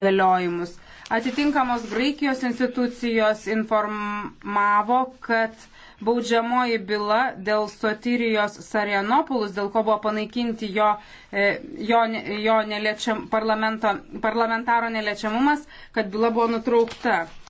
galiojimus. Atitinkamos Graikijos institucijos informavo, kad baudžiamoji byla dėl Sotirijos Sarianopulus, dėl ko buvo panaikinti jo, e, jo, jo neliečiam, parlamentaro neliečiamumas, kad byla buvo nutraukta.